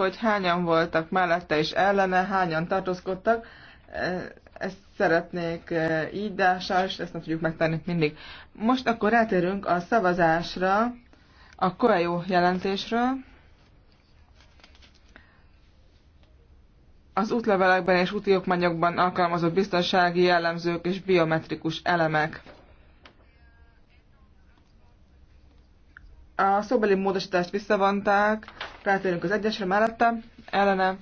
hogy hányan voltak mellette és ellene, hányan tartózkodtak. E, ezt szeretnék e, így, de sajnos ezt nem tudjuk megtenni mindig. Most akkor rátérünk a szavazásra, a Coelho jelentésről. Az útlevelekben és útiokmányokban alkalmazott biztonsági jellemzők és biometrikus elemek. A szóbeli módosítást visszavonták, rátérünk az egyesre mellette, ellene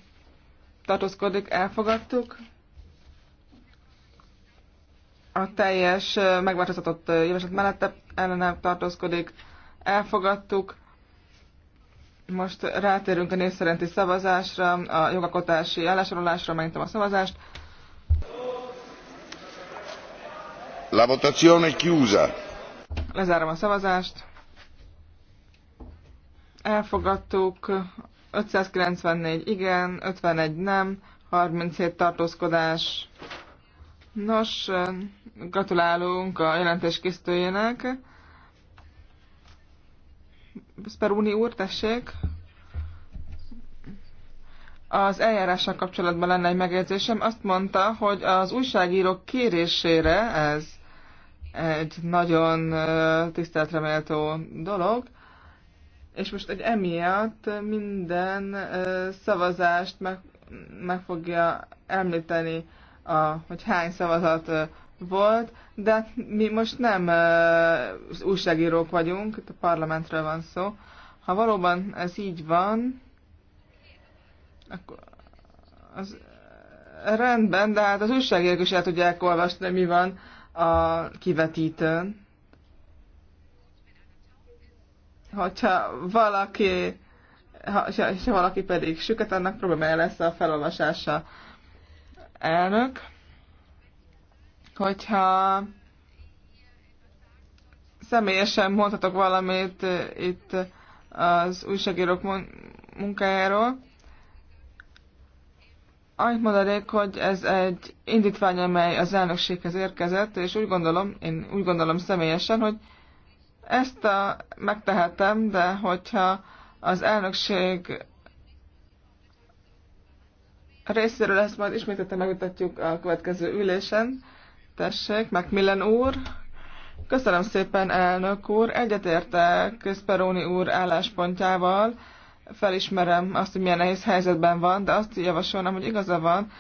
tartózkodik, elfogadtuk. A teljes megváltozatott javaslat mellette ellene tartózkodik, elfogadtuk. Most rátérünk a név szerinti szavazásra, a jogakotási állásorolásra, megintem a szavazást. La votazione chiusa. Lezárom a szavazást. Elfogadtuk 594 igen, 51 nem, 37 tartózkodás. Nos, gratulálunk a jelentés készítőjének. Sperúni úr, tessék! Az eljárással kapcsolatban lenne egy megjegyzésem. Azt mondta, hogy az újságírók kérésére, ez egy nagyon tiszteltreméltó méltó dolog, és most egy emiatt minden szavazást meg, meg fogja említeni, a, hogy hány szavazat volt, de hát mi most nem uh, újságírók vagyunk, itt a parlamentről van szó. Ha valóban ez így van, akkor az rendben, de hát az újságírók is el tudják olvasni, mi van a kivetítőn. hogyha valaki, ha, és ha valaki pedig süket, annak problémája lesz a felolvasása. Elnök, hogyha személyesen mondhatok valamit eh, itt az újságírók munkájáról, annyit mondanék, hogy ez egy indítvány, amely az elnökséghez érkezett, és úgy gondolom, én úgy gondolom személyesen, hogy ezt a, megtehetem, de hogyha az elnökség részéről ezt majd ismételten megmutatjuk a következő ülésen. Tessék, Macmillan úr. Köszönöm szépen, elnök úr. Egyetértek Közperóni úr álláspontjával. Felismerem azt, hogy milyen nehéz helyzetben van, de azt javasolnám, hogy igaza van,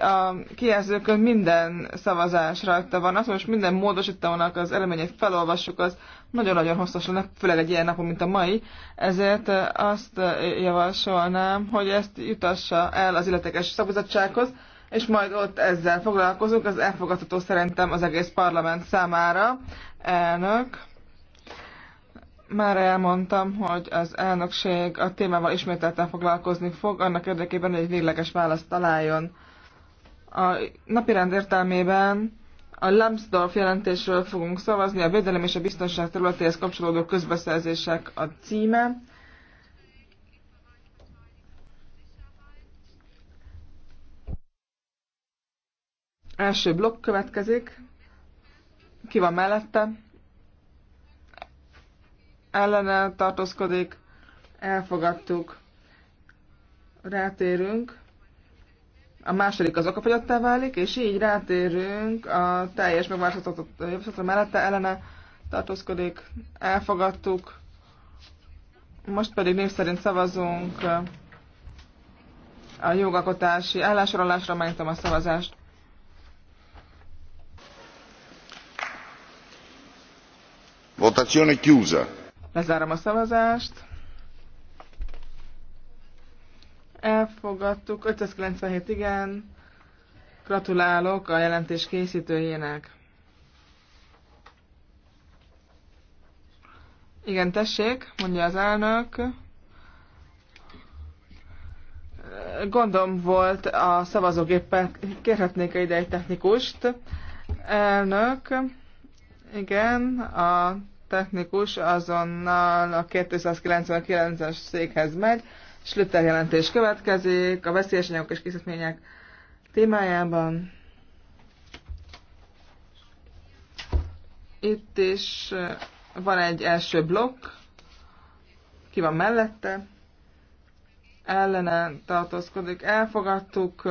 a kijelzőkön minden szavazás rajta van. Azt most minden módosítónak az eleményét felolvassuk, az nagyon-nagyon hosszas lenne, főleg egy ilyen napon, mint a mai. Ezért azt javasolnám, hogy ezt jutassa el az illetékes szakbizottsághoz, és majd ott ezzel foglalkozunk. Az elfogadható szerintem az egész parlament számára. Elnök. Már elmondtam, hogy az elnökség a témával ismételten foglalkozni fog, annak érdekében, hogy egy végleges választ találjon. A napirend értelmében a Lambsdorff jelentésről fogunk szavazni, a védelem és a biztonság területéhez kapcsolódó közbeszerzések a címe. Első blokk következik. Ki van mellette? Ellene tartózkodik. Elfogadtuk. Rátérünk a második az okafogyottá válik, és így rátérünk a teljes megváltoztatott javaslatra mellette ellene tartózkodik, elfogadtuk. Most pedig név szerint szavazunk a jogalkotási állásorolásra, megnyitom a szavazást. Votazione chiusa. Lezárom a szavazást. Elfogadtuk. 597 igen. Gratulálok a jelentés készítőjének. Igen, tessék, mondja az elnök. Gondom volt a szavazógéppel, kérhetnék ide egy technikust. Elnök, igen, a technikus azonnal a 299-es székhez megy. Schlüter jelentés következik a veszélyes anyagok és készítmények témájában. Itt is eh, van egy első blokk, ki van mellette, ellene tartózkodik, elfogadtuk,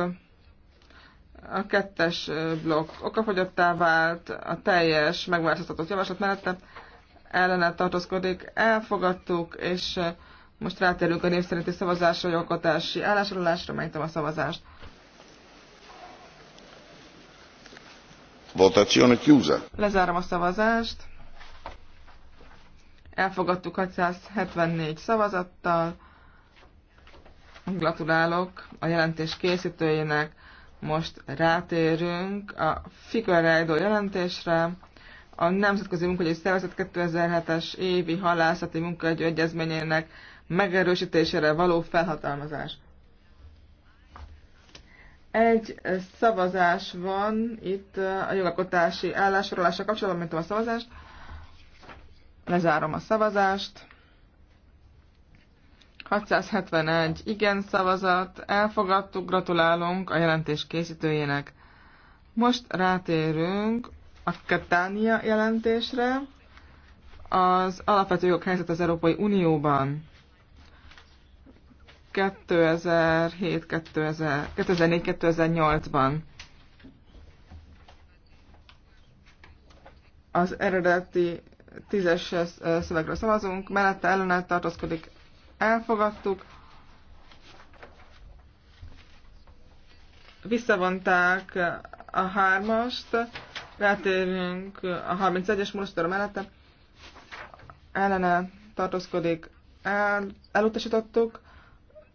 a kettes eh, blokk okafogyottá vált, a teljes megváltoztatott javaslat mellette ellene tartózkodik, elfogadtuk, és eh, most rátérünk a népszerinti szavazásra, jogkotási állásolásra, mentem a szavazást. Votazione chiusa. Lezárom a szavazást. Elfogadtuk 674 szavazattal. Gratulálok a jelentés készítőjének. Most rátérünk a Figueredo jelentésre. A Nemzetközi Munkahogyi Szervezet 2007-es évi halászati munkaegyő egyezményének megerősítésére való felhatalmazás. Egy szavazás van itt a jogalkotási állásorolása kapcsolatban, mint a szavazást. Lezárom a szavazást. 671 igen szavazat, elfogadtuk, gratulálunk a jelentés készítőjének. Most rátérünk a Katánia jelentésre, az alapvető jog helyzet az Európai Unióban. 2007-2008-ban. Az eredeti tízes szövegről szavazunk, mellette ellenállt tartózkodik, elfogadtuk. Visszavonták a hármast, rátérünk a 31-es módosítóra mellette, ellene tartózkodik, el, elutasítottuk,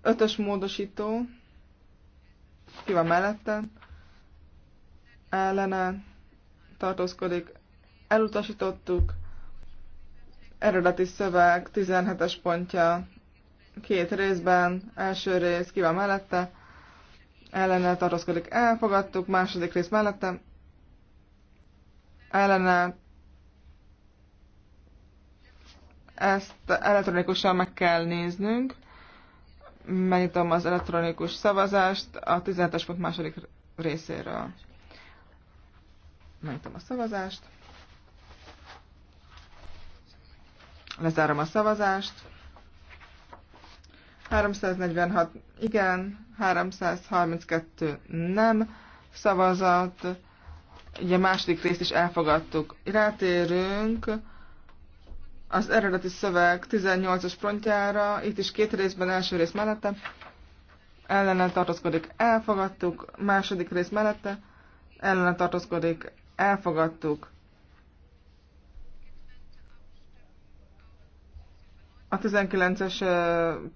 Ötös módosító. Ki van mellette? Ellene tartózkodik. Elutasítottuk. Eredeti szöveg 17-es pontja. Két részben. Első rész ki van mellette? Ellene tartózkodik. Elfogadtuk. Második rész mellette. Ellene ezt elektronikusan meg kell néznünk megnyitom az elektronikus szavazást a 17-es pont második részéről. Megnyitom a szavazást. Lezárom a szavazást. 346 igen, 332 nem szavazat. Ugye a második részt is elfogadtuk. Rátérünk az eredeti szöveg 18-as frontjára, itt is két részben, első rész mellette, ellene tartozkodik elfogadtuk, második rész mellette, ellene tartozkodik elfogadtuk. A 19-es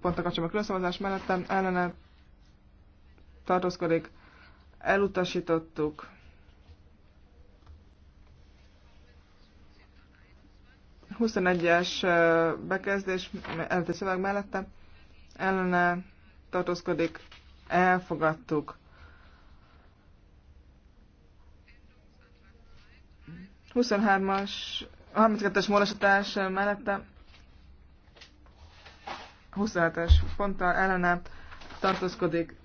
a kapcsolatban különszavazás mellettem ellene tartózkodik, elutasítottuk. 21-es bekezdés eredeti szöveg mellette ellene tartózkodik, elfogadtuk. 23-as, 32-es módosítás mellette 27-es ponttal ellene tartózkodik,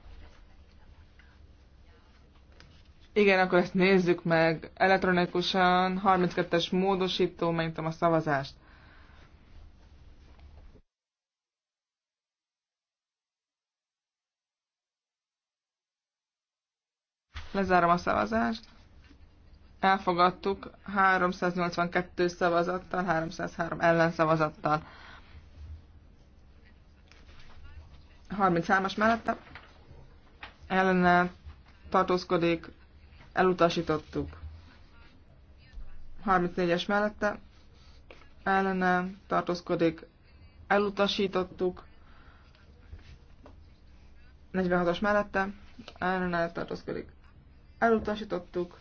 Igen, akkor ezt nézzük meg. Elektronikusan 32-es módosító, megnyitom a szavazást. Lezárom a szavazást. Elfogadtuk 382 szavazattal, 303 ellenszavazattal. 33-as mellette ellene tartózkodik elutasítottuk. 34-es mellette ellene tartózkodik, elutasítottuk. 46-os mellette ellene tartózkodik, elutasítottuk.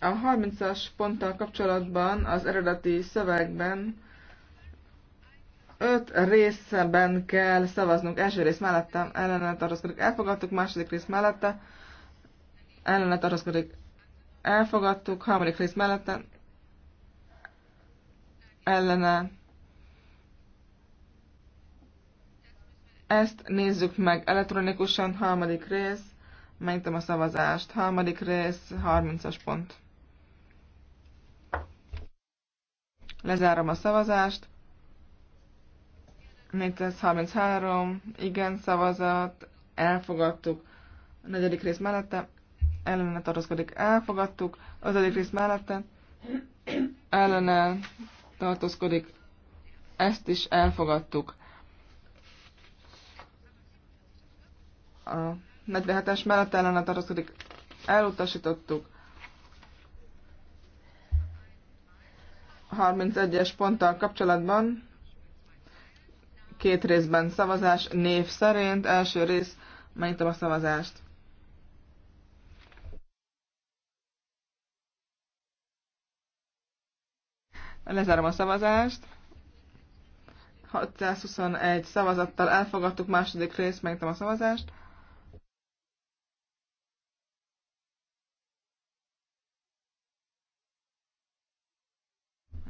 A 30-as ponttal kapcsolatban az eredeti szövegben öt részben kell szavaznunk. Első rész mellette ellenet tartózkodik, elfogadtuk. Második rész mellette ellenet tartózkodik, elfogadtuk. Harmadik rész mellette ellene. Ezt nézzük meg elektronikusan. Harmadik rész. Megnyitom a szavazást. Harmadik rész, 30-as pont. Lezárom a szavazást. 433 igen szavazat, elfogadtuk. A negyedik rész mellette ellene tartózkodik, elfogadtuk. Az ötödik rész mellette ellene tartózkodik, ezt is elfogadtuk. A 47-es mellette ellene tartózkodik, elutasítottuk. 31-es ponttal kapcsolatban Két részben szavazás név szerint. Első rész, megnyitom a szavazást. Lezárom a szavazást. 621 szavazattal elfogadtuk második részt, megnyitom a szavazást.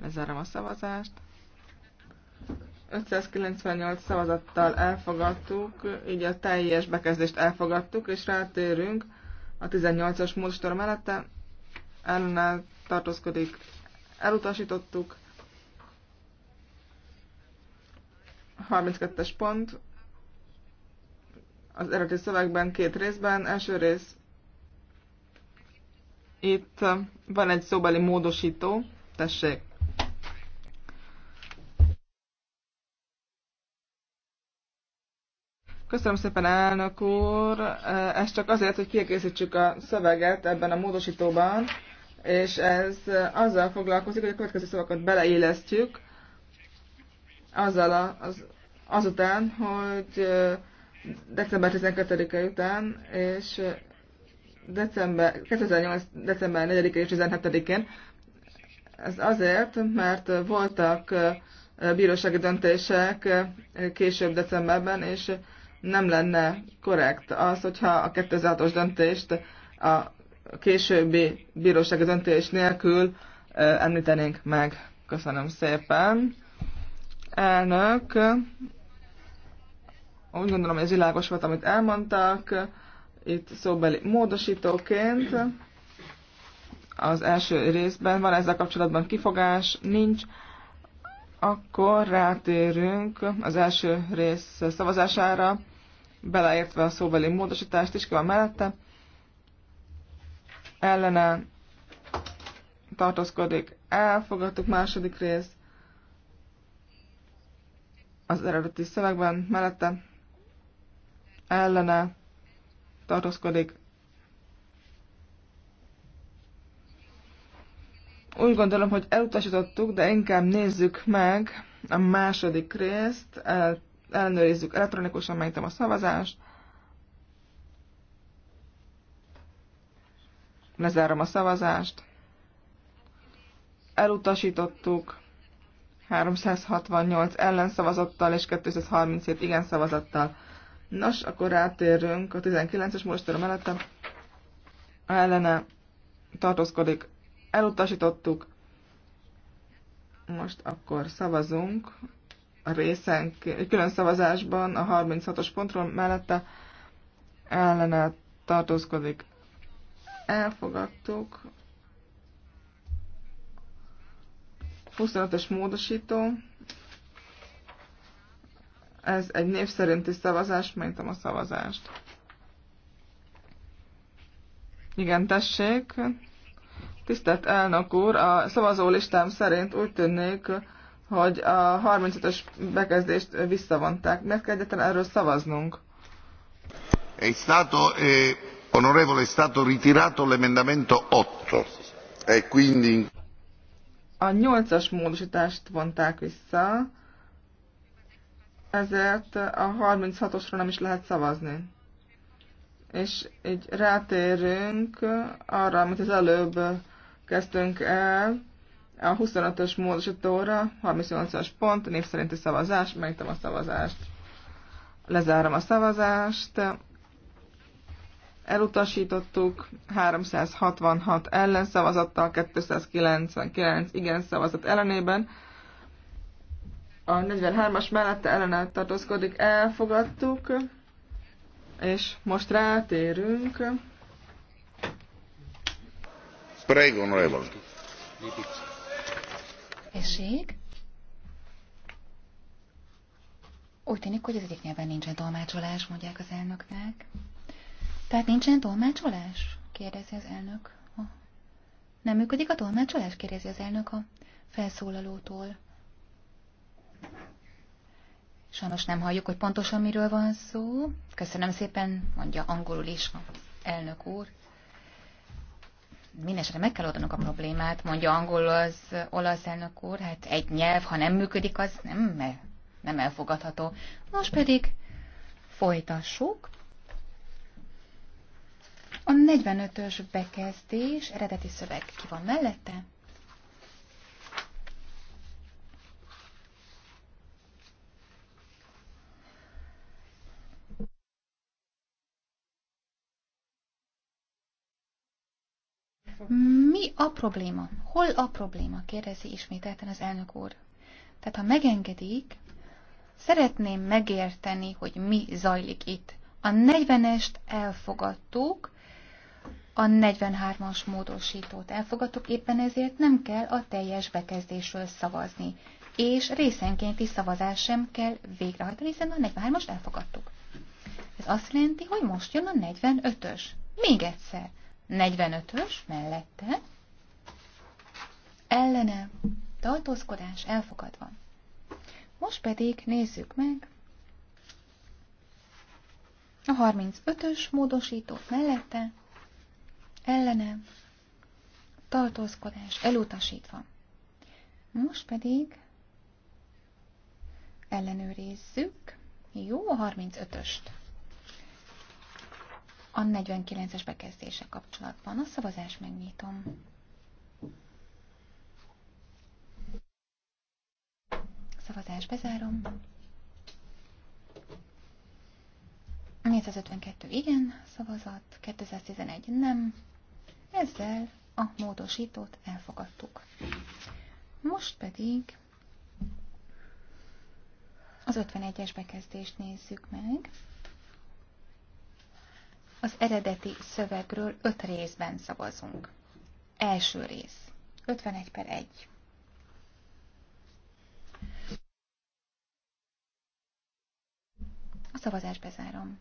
Lezárom a szavazást. 598 szavazattal elfogadtuk, így a teljes bekezdést elfogadtuk, és rátérünk a 18-as módosítóra mellette. Ellenáll tartózkodik, elutasítottuk. 32-es pont. Az eredeti szövegben két részben. Első rész. Itt van egy szóbeli módosító. Tessék. Köszönöm szépen, elnök úr. Eh, ez csak azért, hogy kiegészítsük a szöveget ebben a módosítóban, és ez azzal foglalkozik, hogy a következő szavakat beleélesztjük, azzal a, az, azután, hogy eh, december 12-e után, és eh, december, 2008. december 4-e és 17-én. Ez azért, mert voltak bírósági döntések később decemberben, és nem lenne korrekt az, hogyha a 2006-os döntést a későbbi bírósági döntés nélkül említenénk meg. Köszönöm szépen. Elnök, úgy gondolom, hogy ez világos volt, amit elmondtak. Itt szóbeli módosítóként az első részben van ezzel kapcsolatban kifogás, nincs. Akkor rátérünk az első rész szavazására beleértve a szóbeli módosítást is, ki van mellette, ellene tartózkodik, elfogadtuk második rész az eredeti szövegben, mellette ellene tartózkodik. Úgy gondolom, hogy elutasítottuk, de inkább nézzük meg a második részt, ellenőrizzük elektronikusan, megintem a szavazást. Lezárom a szavazást. Elutasítottuk 368 ellenszavazattal és 237 igen szavazattal. Nos, akkor rátérünk a 19-es módosítóra mellette. Ellene tartózkodik. Elutasítottuk. Most akkor szavazunk részen, külön szavazásban a 36-os pontról mellette ellene tartózkodik. Elfogadtuk. 25-ös módosító. Ez egy név szerinti szavazás, megnyitom a szavazást. Igen, tessék. Tisztelt elnök úr, a szavazólistám szerint úgy tűnik, hogy a 35-ös bekezdést visszavonták. Meg kell egyetlen erről szavaznunk. È stato, eh, onorevole, è stato ritirato l'emendamento 8. E quindi... A 8-as módosítást vonták vissza, ezért a 36-osról nem is lehet szavazni. És így rátérünk arra, amit az előbb kezdtünk el, a 25-ös módosítóra, 38-as pont, név szerinti szavazás, megnyitom a szavazást. Lezárom a szavazást. Elutasítottuk 366 Ellen szavazattal, 299 igen szavazat ellenében. A 43-as mellette ellenállt tartózkodik, elfogadtuk, és most rátérünk. Prego, onorevole. Tessék? Úgy tűnik, hogy az egyik nyelven nincsen tolmácsolás, mondják az elnöknek. Tehát nincsen tolmácsolás? kérdezi az elnök. Nem működik a tolmácsolás? kérdezi az elnök a felszólalótól. Sajnos nem halljuk, hogy pontosan miről van szó. Köszönöm szépen, mondja angolul is elnök úr. Mindenesetre meg kell oldanunk a problémát, mondja angol az olasz elnök úr, hát egy nyelv, ha nem működik, az nem, nem elfogadható. Most pedig folytassuk. A 45-ös bekezdés, eredeti szöveg ki van mellette? Mi a probléma? Hol a probléma? kérdezi ismételten az elnök úr. Tehát, ha megengedik, szeretném megérteni, hogy mi zajlik itt. A 40-est elfogadtuk, a 43-as módosítót elfogadtuk, éppen ezért nem kell a teljes bekezdésről szavazni, és részenkénti szavazás sem kell végrehajtani, hiszen a 43-as elfogadtuk. Ez azt jelenti, hogy most jön a 45-ös. Még egyszer. 45-ös mellette ellene tartózkodás elfogadva. Most pedig nézzük meg a 35-ös módosító mellette ellene tartózkodás elutasítva. Most pedig ellenőrizzük jó a 35-öst a 49-es bekezdése kapcsolatban. A szavazást megnyitom. Szavazás bezárom. 452 igen szavazat, 211 nem. Ezzel a módosítót elfogadtuk. Most pedig az 51-es bekezdést nézzük meg. Az eredeti szövegről öt részben szavazunk. Első rész. 51 per 1. A szavazás bezárom.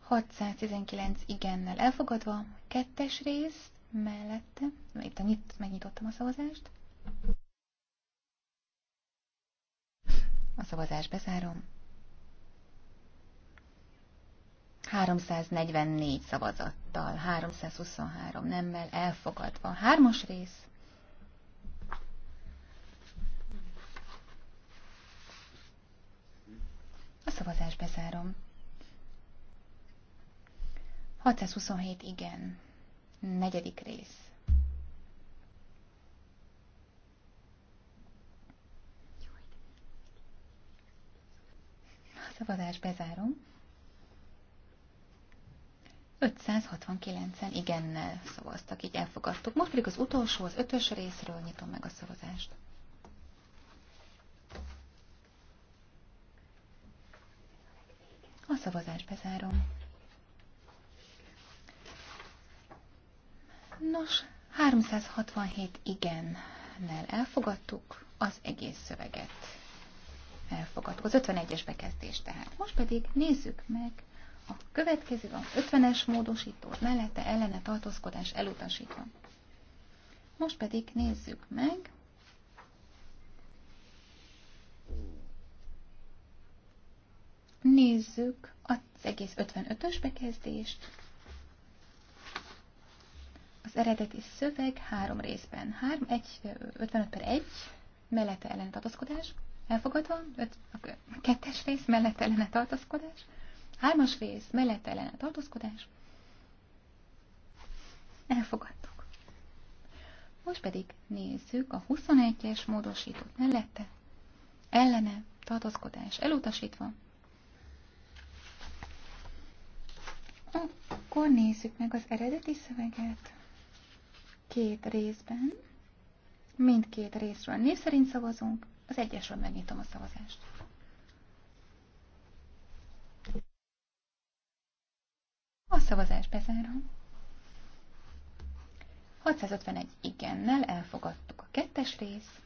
619 igennel elfogadva, kettes rész mellette, itt a nyit, megnyitottam a szavazást. A szavazás bezárom. 344 szavazattal, 323 nemmel elfogadva. Hármas rész. A szavazás bezárom. 627 igen. Negyedik rész. A szavazás bezárom. 569-en igennel szavaztak, így elfogadtuk. Most pedig az utolsó, az ötös részről nyitom meg a szavazást. A szavazást bezárom. Nos, 367 igennel elfogadtuk az egész szöveget. Elfogadtuk az 51-es bekezdést tehát. Most pedig nézzük meg a következő a 50-es módosító, mellette ellene tartózkodás elutasítva. Most pedig nézzük meg. Nézzük az egész 55-ös bekezdést. Az eredeti szöveg három részben. 3, 1, 55 per 1, mellette ellene tartózkodás, elfogadva, 5, a kettes rész mellette ellene tartózkodás, Hármas rész, mellette a tartózkodás. Elfogadtuk. Most pedig nézzük a 21-es módosított mellette. Ellene tartózkodás elutasítva. Akkor nézzük meg az eredeti szöveget. Két részben. Mindkét részről név szerint szavazunk. Az egyesről megnyitom a szavazást. Szavazás bezárom. 651 igennel elfogadtuk a kettes rész.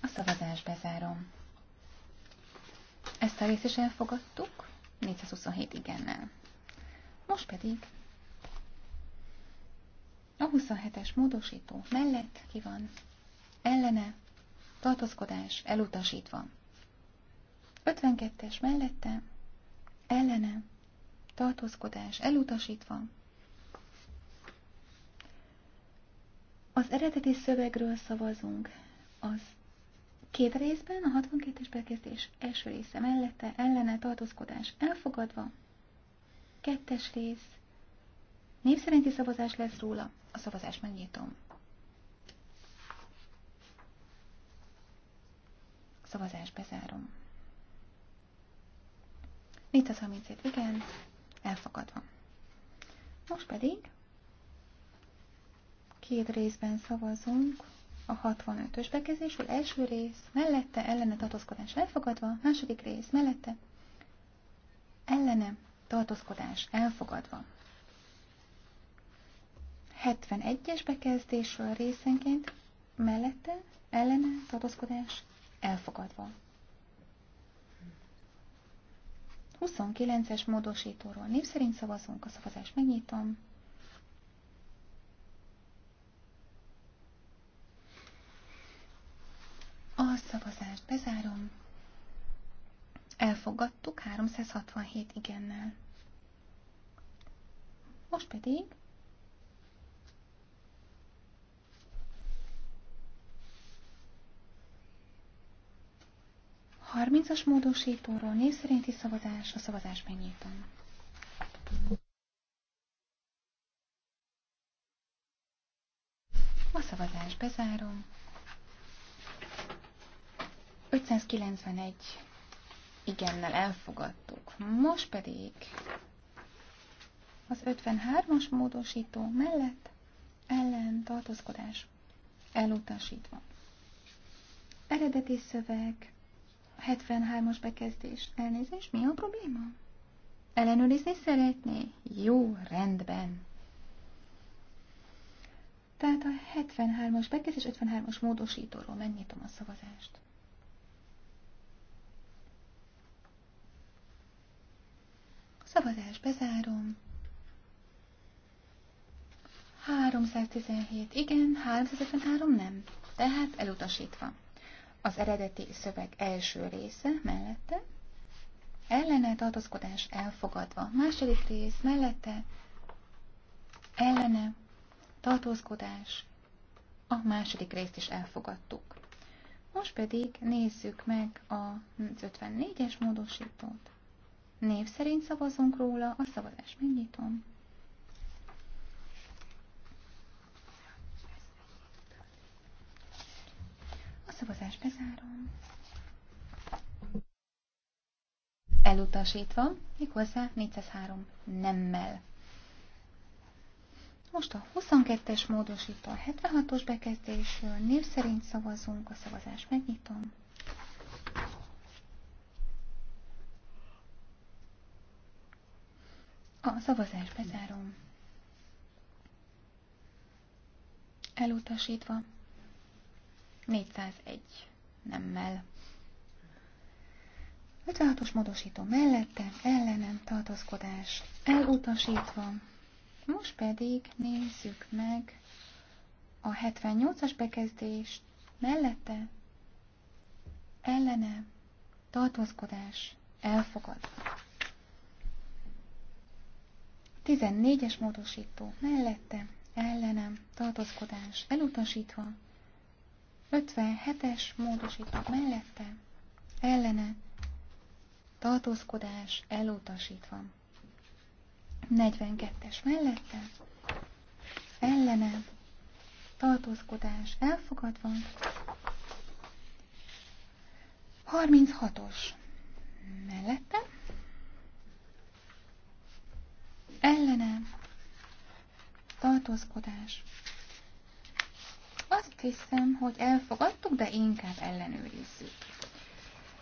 A szavazás bezárom. Ezt a részt is elfogadtuk, 427 igennel. Most pedig a 27-es módosító mellett ki van, ellene, Tartozkodás elutasítva. 52-es mellette, ellene, tartózkodás elutasítva. Az eredeti szövegről szavazunk. Az két részben, a 62-es bekezdés első része mellette, ellene, tartózkodás elfogadva. Kettes rész. népszerinti szerinti szavazás lesz róla. A szavazást megnyitom. Szavazás bezárom. 437 igen, elfogadva. Most pedig két részben szavazunk a 65-ös bekezésről. Első rész mellette, ellene tartózkodás elfogadva, második rész mellette, ellene tartózkodás elfogadva. 71-es bekezdésről részenként mellette, ellene tartózkodás Elfogadva. 29-es módosítóról név szerint szavazunk, a szavazást megnyitom. A szavazást bezárom. Elfogadtuk 367 igennel. Most pedig 30-as módosítóról név szerinti szavazás, a szavazás megnyitom. A szavazás bezárom. 591 igennel elfogadtuk. Most pedig az 53-as módosító mellett ellen tartózkodás elutasítva. Eredeti szöveg 73-as bekezdés. Elnézést, mi a probléma? Ellenőrizni szeretné? Jó, rendben. Tehát a 73-as bekezdés 53-as módosítóról megnyitom a szavazást. szavazás bezárom. 317 igen, 353 nem. Tehát elutasítva az eredeti szöveg első része mellette, ellene tartózkodás elfogadva. Második rész mellette, ellene tartózkodás, a második részt is elfogadtuk. Most pedig nézzük meg a 54-es módosítót. Név szerint szavazunk róla, a szavazást megnyitom. szavazás bezárom. Elutasítva, méghozzá 403 nemmel. Most a 22-es módosító, a 76-os bekezdésről név szerint szavazunk, a szavazást megnyitom. A szavazást bezárom. Elutasítva 401 nemmel. 56-os módosító mellette, ellenem tartózkodás elutasítva. Most pedig nézzük meg a 78-as bekezdést mellette, ellene tartózkodás elfogadva. 14-es módosító mellette, ellenem tartózkodás elutasítva. 57-es módosítók mellette, ellene, tartózkodás elutasítva. 42-es mellette, ellene, tartózkodás elfogadva. 36-os mellette, ellene, tartózkodás azt hiszem, hogy elfogadtuk, de inkább ellenőrizzük.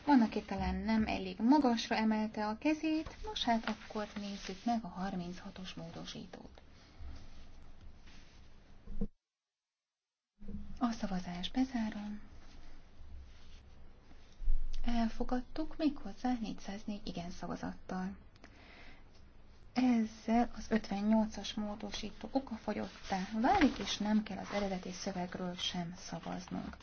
Van, aki talán nem elég magasra emelte a kezét, most hát akkor nézzük meg a 36-os módosítót. A szavazás bezárom. Elfogadtuk méghozzá 404 igen szavazattal. Ezzel az 58-as módosító okafogyottá válik, és nem kell az eredeti szövegről sem szavaznunk.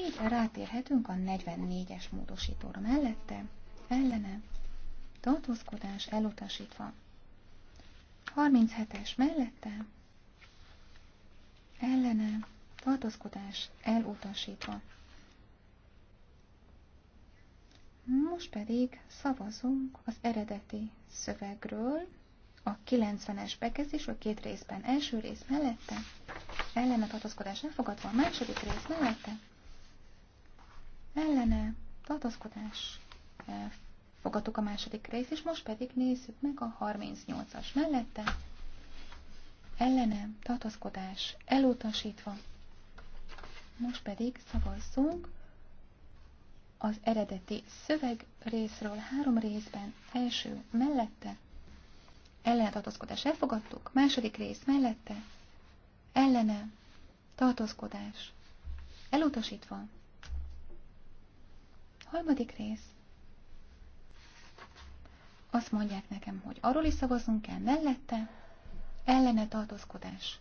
Így rátérhetünk a 44-es módosítóra mellette, ellene, tartózkodás elutasítva. 37-es mellette, ellene, tartózkodás elutasítva. Most pedig szavazunk az eredeti szövegről, a 90-es bekezdésről két részben. Első rész mellette, ellene tartozkodás elfogadva, a második rész mellette, ellene tartozkodás elfogadtuk a második rész és most pedig nézzük meg a 38-as mellette, ellene tartozkodás elutasítva. Most pedig szavazzunk az eredeti szöveg részről három részben, első mellette, ellentartózkodás elfogadtuk, második rész mellette, ellene, tartózkodás, elutasítva. Harmadik rész. Azt mondják nekem, hogy arról is szavazunk kell mellette, ellene tartózkodás.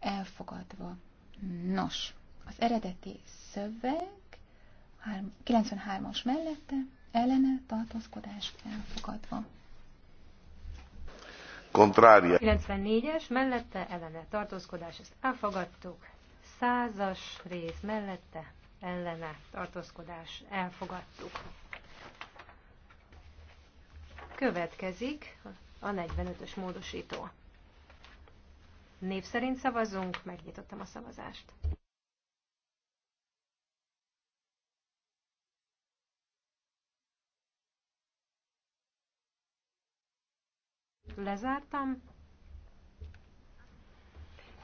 Elfogadva. Nos, az eredeti szöveg 93-as mellette, ellene tartózkodás elfogadva. Kontrária. 94-es mellette, ellene tartózkodás, ezt elfogadtuk. 100-as rész mellette, ellene tartózkodás, elfogadtuk. Következik a 45-ös módosító. Név szerint szavazunk, megnyitottam a szavazást. Lezártam.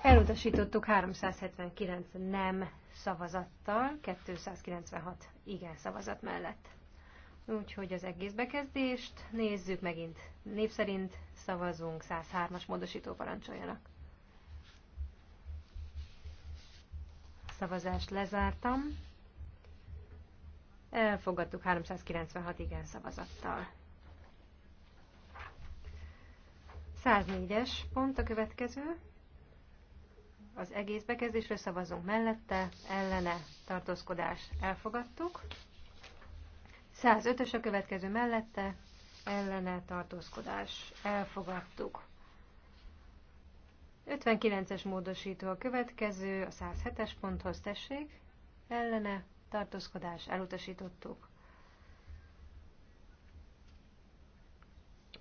Elutasítottuk 379 nem szavazattal, 296 igen szavazat mellett. Úgyhogy az egész bekezdést nézzük megint. Név szerint szavazunk 103-as módosító parancsoljanak. Szavazást lezártam. Elfogadtuk 396 igen szavazattal. 104-es pont a következő. Az egész bekezdésről szavazunk mellette, ellene tartózkodás elfogadtuk. 105-ös a következő mellette, ellene tartózkodás elfogadtuk. 59-es módosító a következő, a 107-es ponthoz tessék, ellene tartózkodás elutasítottuk.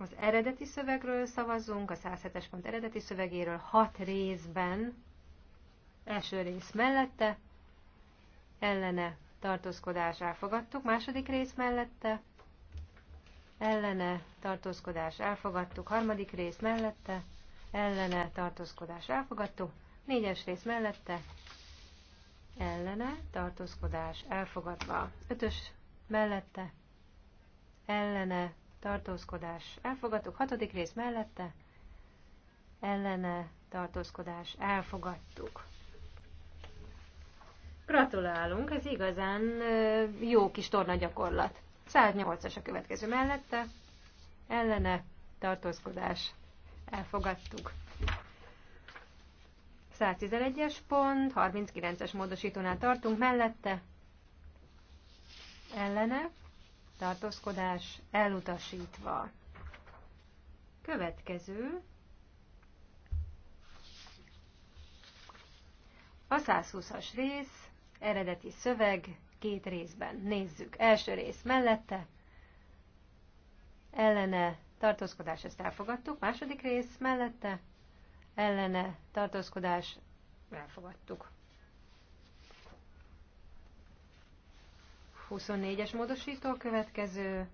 Az eredeti szövegről szavazunk, a 107-es pont eredeti szövegéről hat részben, első rész mellette, ellene tartózkodás elfogadtuk, második rész mellette, ellene tartózkodás elfogadtuk, harmadik rész mellette, ellene tartózkodás elfogadtuk, négyes rész mellette, ellene tartózkodás elfogadva, ötös mellette, ellene tartózkodás elfogadtuk. Hatodik rész mellette ellene tartózkodás elfogadtuk. Gratulálunk, ez igazán jó kis torna gyakorlat. 108-as a következő mellette, ellene tartózkodás elfogadtuk. 111-es pont, 39-es módosítónál tartunk mellette, ellene tartózkodás elutasítva. Következő a 120-as rész, eredeti szöveg, két részben. Nézzük. Első rész mellette, ellene tartózkodás, ezt elfogadtuk. Második rész mellette, ellene tartózkodás, elfogadtuk. 24-es módosító következő.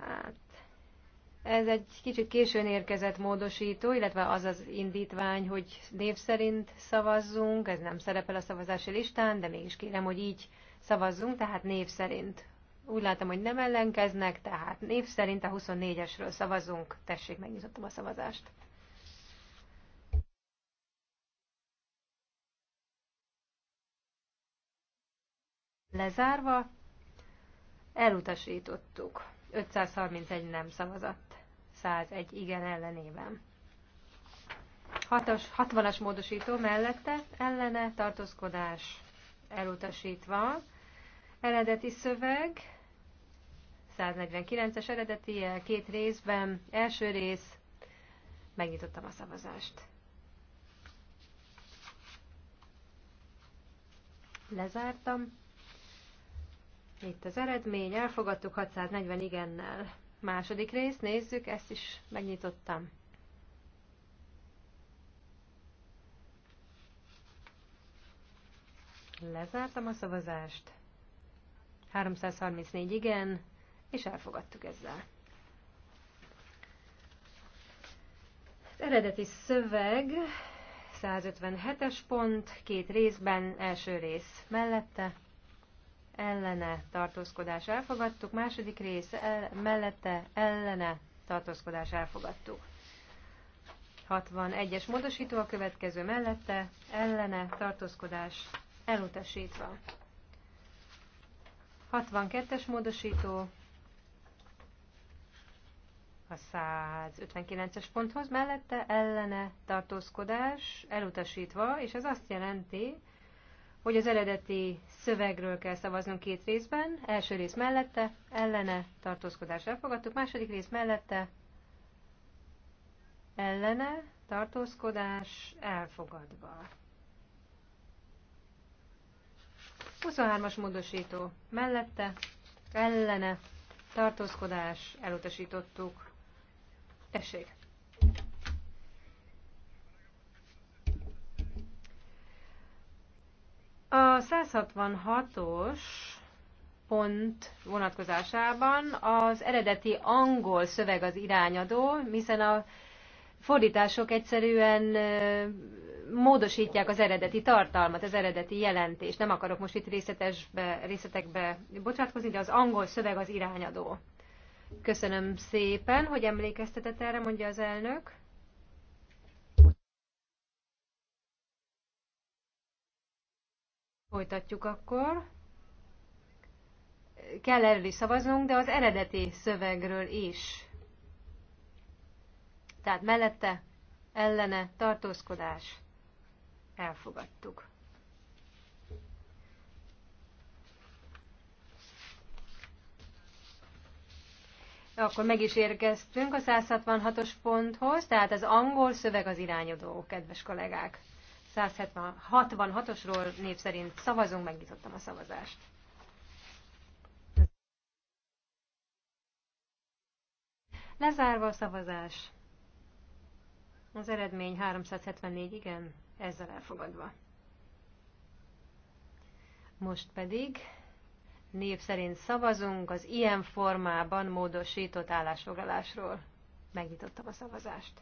Hát, ez egy kicsit későn érkezett módosító, illetve az az indítvány, hogy név szerint szavazzunk, ez nem szerepel a szavazási listán, de mégis kérem, hogy így szavazzunk, tehát név szerint. Úgy látom, hogy nem ellenkeznek, tehát név szerint a 24-esről szavazzunk. Tessék, megnyitottam a szavazást. lezárva, elutasítottuk. 531 nem szavazott, 101 igen ellenében. 60-as módosító mellette ellene tartózkodás elutasítva. Eredeti szöveg, 149-es eredeti, két részben, első rész, megnyitottam a szavazást. Lezártam. Itt az eredmény, elfogadtuk 640 igennel. Második rész, nézzük, ezt is megnyitottam. Lezártam a szavazást. 334 igen, és elfogadtuk ezzel. Az eredeti szöveg 157-es pont, két részben, első rész mellette, ellene tartózkodás elfogadtuk, második rész el, mellette ellene tartózkodás elfogadtuk. 61-es módosító a következő mellette ellene tartózkodás elutasítva. 62-es módosító a 159-es ponthoz mellette ellene tartózkodás elutasítva, és ez azt jelenti, hogy az eredeti szövegről kell szavaznunk két részben. Első rész mellette, ellene, tartózkodás elfogadtuk. Második rész mellette, ellene, tartózkodás elfogadva. 23-as módosító mellette, ellene, tartózkodás elutasítottuk. Tessék! A 166-os pont vonatkozásában az eredeti angol szöveg az irányadó, hiszen a fordítások egyszerűen módosítják az eredeti tartalmat, az eredeti jelentést. Nem akarok most itt részletesbe, részletekbe bocsátkozni, de az angol szöveg az irányadó. Köszönöm szépen, hogy emlékeztetett erre, mondja az elnök. Folytatjuk akkor. Kell erről is szavaznunk, de az eredeti szövegről is. Tehát mellette, ellene, tartózkodás. Elfogadtuk. Akkor meg is érkeztünk a 166-os ponthoz, tehát az angol szöveg az irányodó, kedves kollégák. 166-osról név szerint szavazunk, megnyitottam a szavazást. Lezárva a szavazás. Az eredmény 374, igen, ezzel elfogadva. Most pedig név szerint szavazunk az ilyen formában módosított állásfoglalásról. Megnyitottam a szavazást.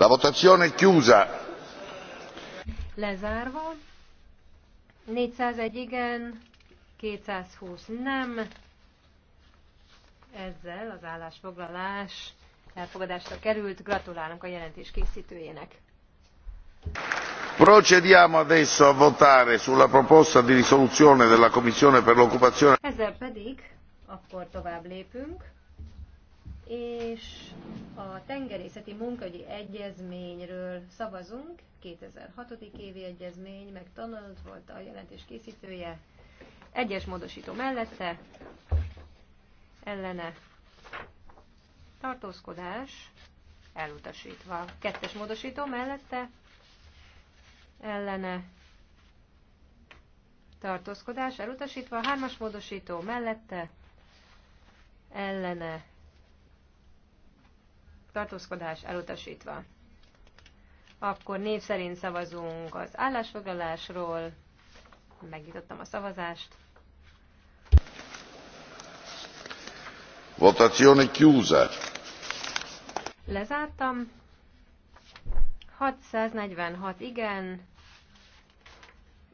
La votazione è chiusa. Lezárva. 401 igen, 220 nem. Ezzel az állásfoglalás elfogadásra került. Gratulálunk a jelentés készítőjének. Procediamo adesso a votare sulla proposta di risoluzione della Commissione per l'occupazione. Ezzel pedig akkor tovább lépünk és a tengerészeti munkagyi egyezményről szavazunk, 2006. évi egyezmény, meg tanult volt a jelentés készítője, egyes módosító mellette, ellene tartózkodás, elutasítva, kettes módosító mellette, ellene tartózkodás, elutasítva, hármas módosító mellette, ellene tartózkodás elutasítva. Akkor név szerint szavazunk az állásfoglalásról. Megnyitottam a szavazást. Votazione chiusa. Lezártam. 646 igen,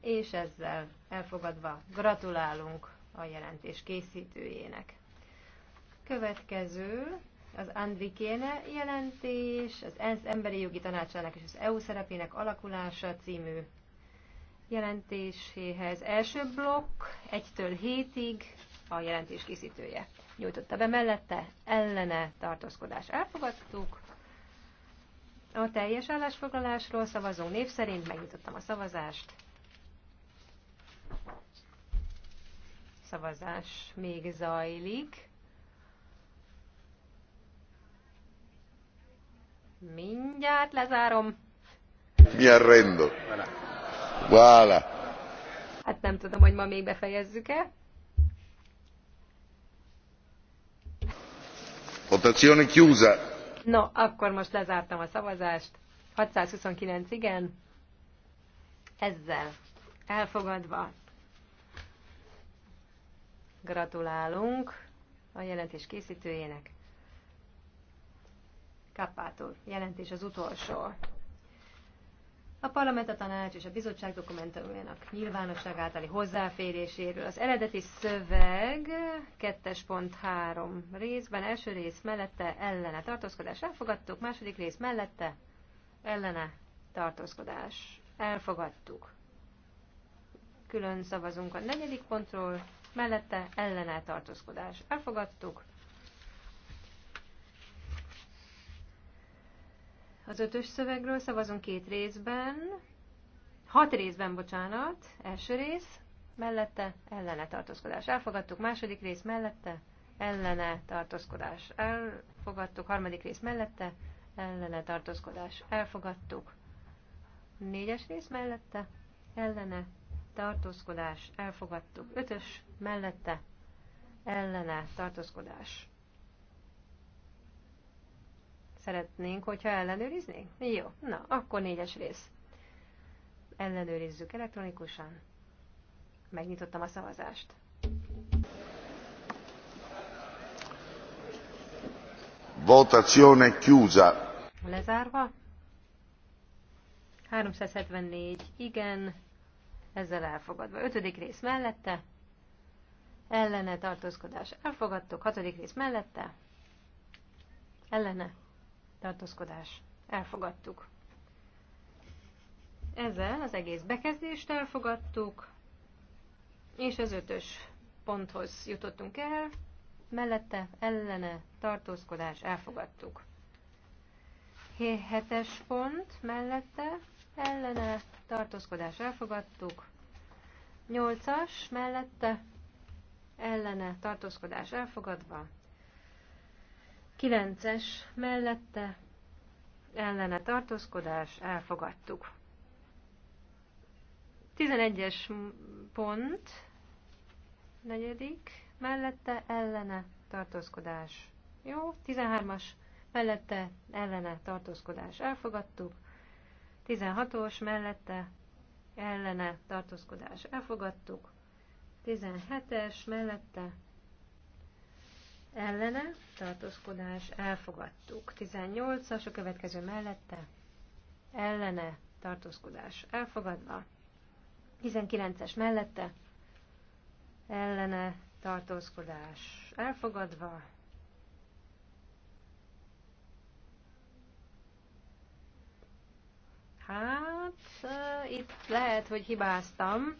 és ezzel elfogadva gratulálunk a jelentés készítőjének. Következő az Andrikéne jelentés, az ENSZ emberi jogi tanácsának és az EU szerepének alakulása című jelentéséhez. Első blokk 1-től 7-ig a jelentés készítője nyújtotta be mellette, ellene tartózkodás elfogadtuk. A teljes állásfoglalásról szavazunk név szerint, megnyitottam a szavazást. Szavazás még zajlik. Mindjárt lezárom. Mi rendő. Vála. Hát nem tudom, hogy ma még befejezzük-e. Votazione chiusa. No, akkor most lezártam a szavazást. 629 igen. Ezzel elfogadva. Gratulálunk a jelentés készítőjének. Kappától jelentés az utolsó. A parlament, a tanács és a bizottság dokumentumának nyilvánosság általi hozzáféréséről. Az eredeti szöveg 2.3 részben, első rész mellette ellene tartózkodás elfogadtuk, második rész mellette ellene tartózkodás elfogadtuk. Külön szavazunk a negyedik pontról, mellette ellene tartózkodás elfogadtuk. Az ötös szövegről szavazunk két részben, hat részben, bocsánat, első rész, mellette, ellene tartózkodás. Elfogadtuk, második rész mellette, ellene tartózkodás. Elfogadtuk, harmadik rész mellette, ellene tartózkodás. Elfogadtuk. Négyes rész mellette, ellene tartózkodás. Elfogadtuk. Ötös mellette, ellene tartózkodás. Szeretnénk, hogyha ellenőrizni? Jó, na, akkor négyes rész. Ellenőrizzük elektronikusan. Megnyitottam a szavazást. Votazione chiusa. Lezárva. 374 igen, ezzel elfogadva. Ötödik rész mellette, ellene tartózkodás elfogadtuk. Hatodik rész mellette, ellene tartózkodás. Elfogadtuk. Ezzel az egész bekezdést elfogadtuk, és az ötös ponthoz jutottunk el, mellette ellene tartózkodás elfogadtuk. Hetes pont mellette ellene tartózkodás elfogadtuk. Nyolcas mellette ellene tartózkodás elfogadva. 9-es mellette ellene tartózkodás elfogadtuk. 11-es pont, negyedik, mellette ellene tartózkodás. Jó, 13-as, mellette ellene tartózkodás elfogadtuk. 16-os, mellette ellene tartózkodás elfogadtuk. 17-es, mellette ellene, tartózkodás, elfogadtuk. 18-as, a következő mellette, ellene, tartózkodás, elfogadva. 19-es mellette, ellene, tartózkodás, elfogadva. Hát, itt lehet, hogy hibáztam.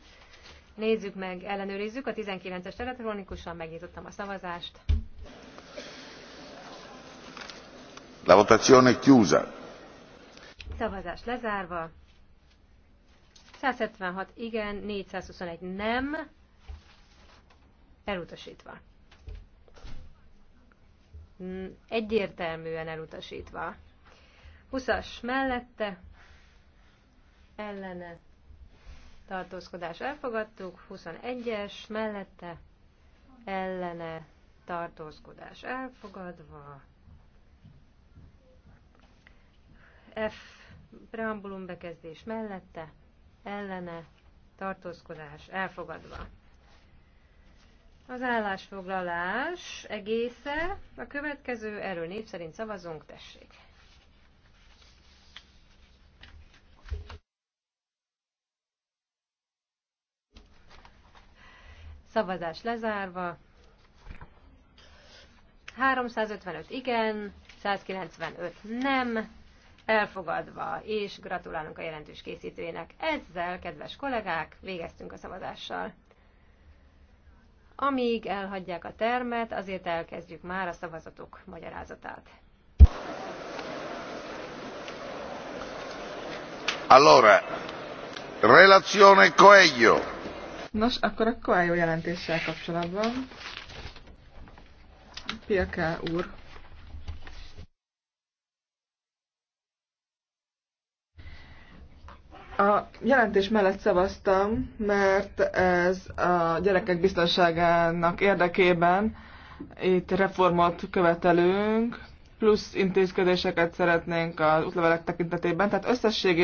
Nézzük meg, ellenőrizzük a 19-es elektronikusan, megnyitottam a szavazást. La votazione è chiusa. Szavazás lezárva. 176 igen, 421 nem. Elutasítva. Hmm, egyértelműen elutasítva. 20-as mellette, ellene, tartózkodás elfogadtuk, 21-es mellette, ellene, tartózkodás elfogadva. F preambulum bekezdés mellette, ellene, tartózkodás elfogadva. Az állásfoglalás egésze a következő, erről név szerint szavazunk, tessék. Szavazás lezárva. 355 igen, 195 nem, elfogadva, és gratulálunk a jelentős készítőjének. Ezzel, kedves kollégák, végeztünk a szavazással. Amíg elhagyják a termet, azért elkezdjük már a szavazatok magyarázatát. Allora, relazione Coelho. Nos, akkor a Coelho jelentéssel kapcsolatban. Pilke úr A jelentés mellett szavaztam, mert ez a gyerekek biztonságának érdekében itt reformot követelünk, plusz intézkedéseket szeretnénk az útlevelek tekintetében, tehát összességében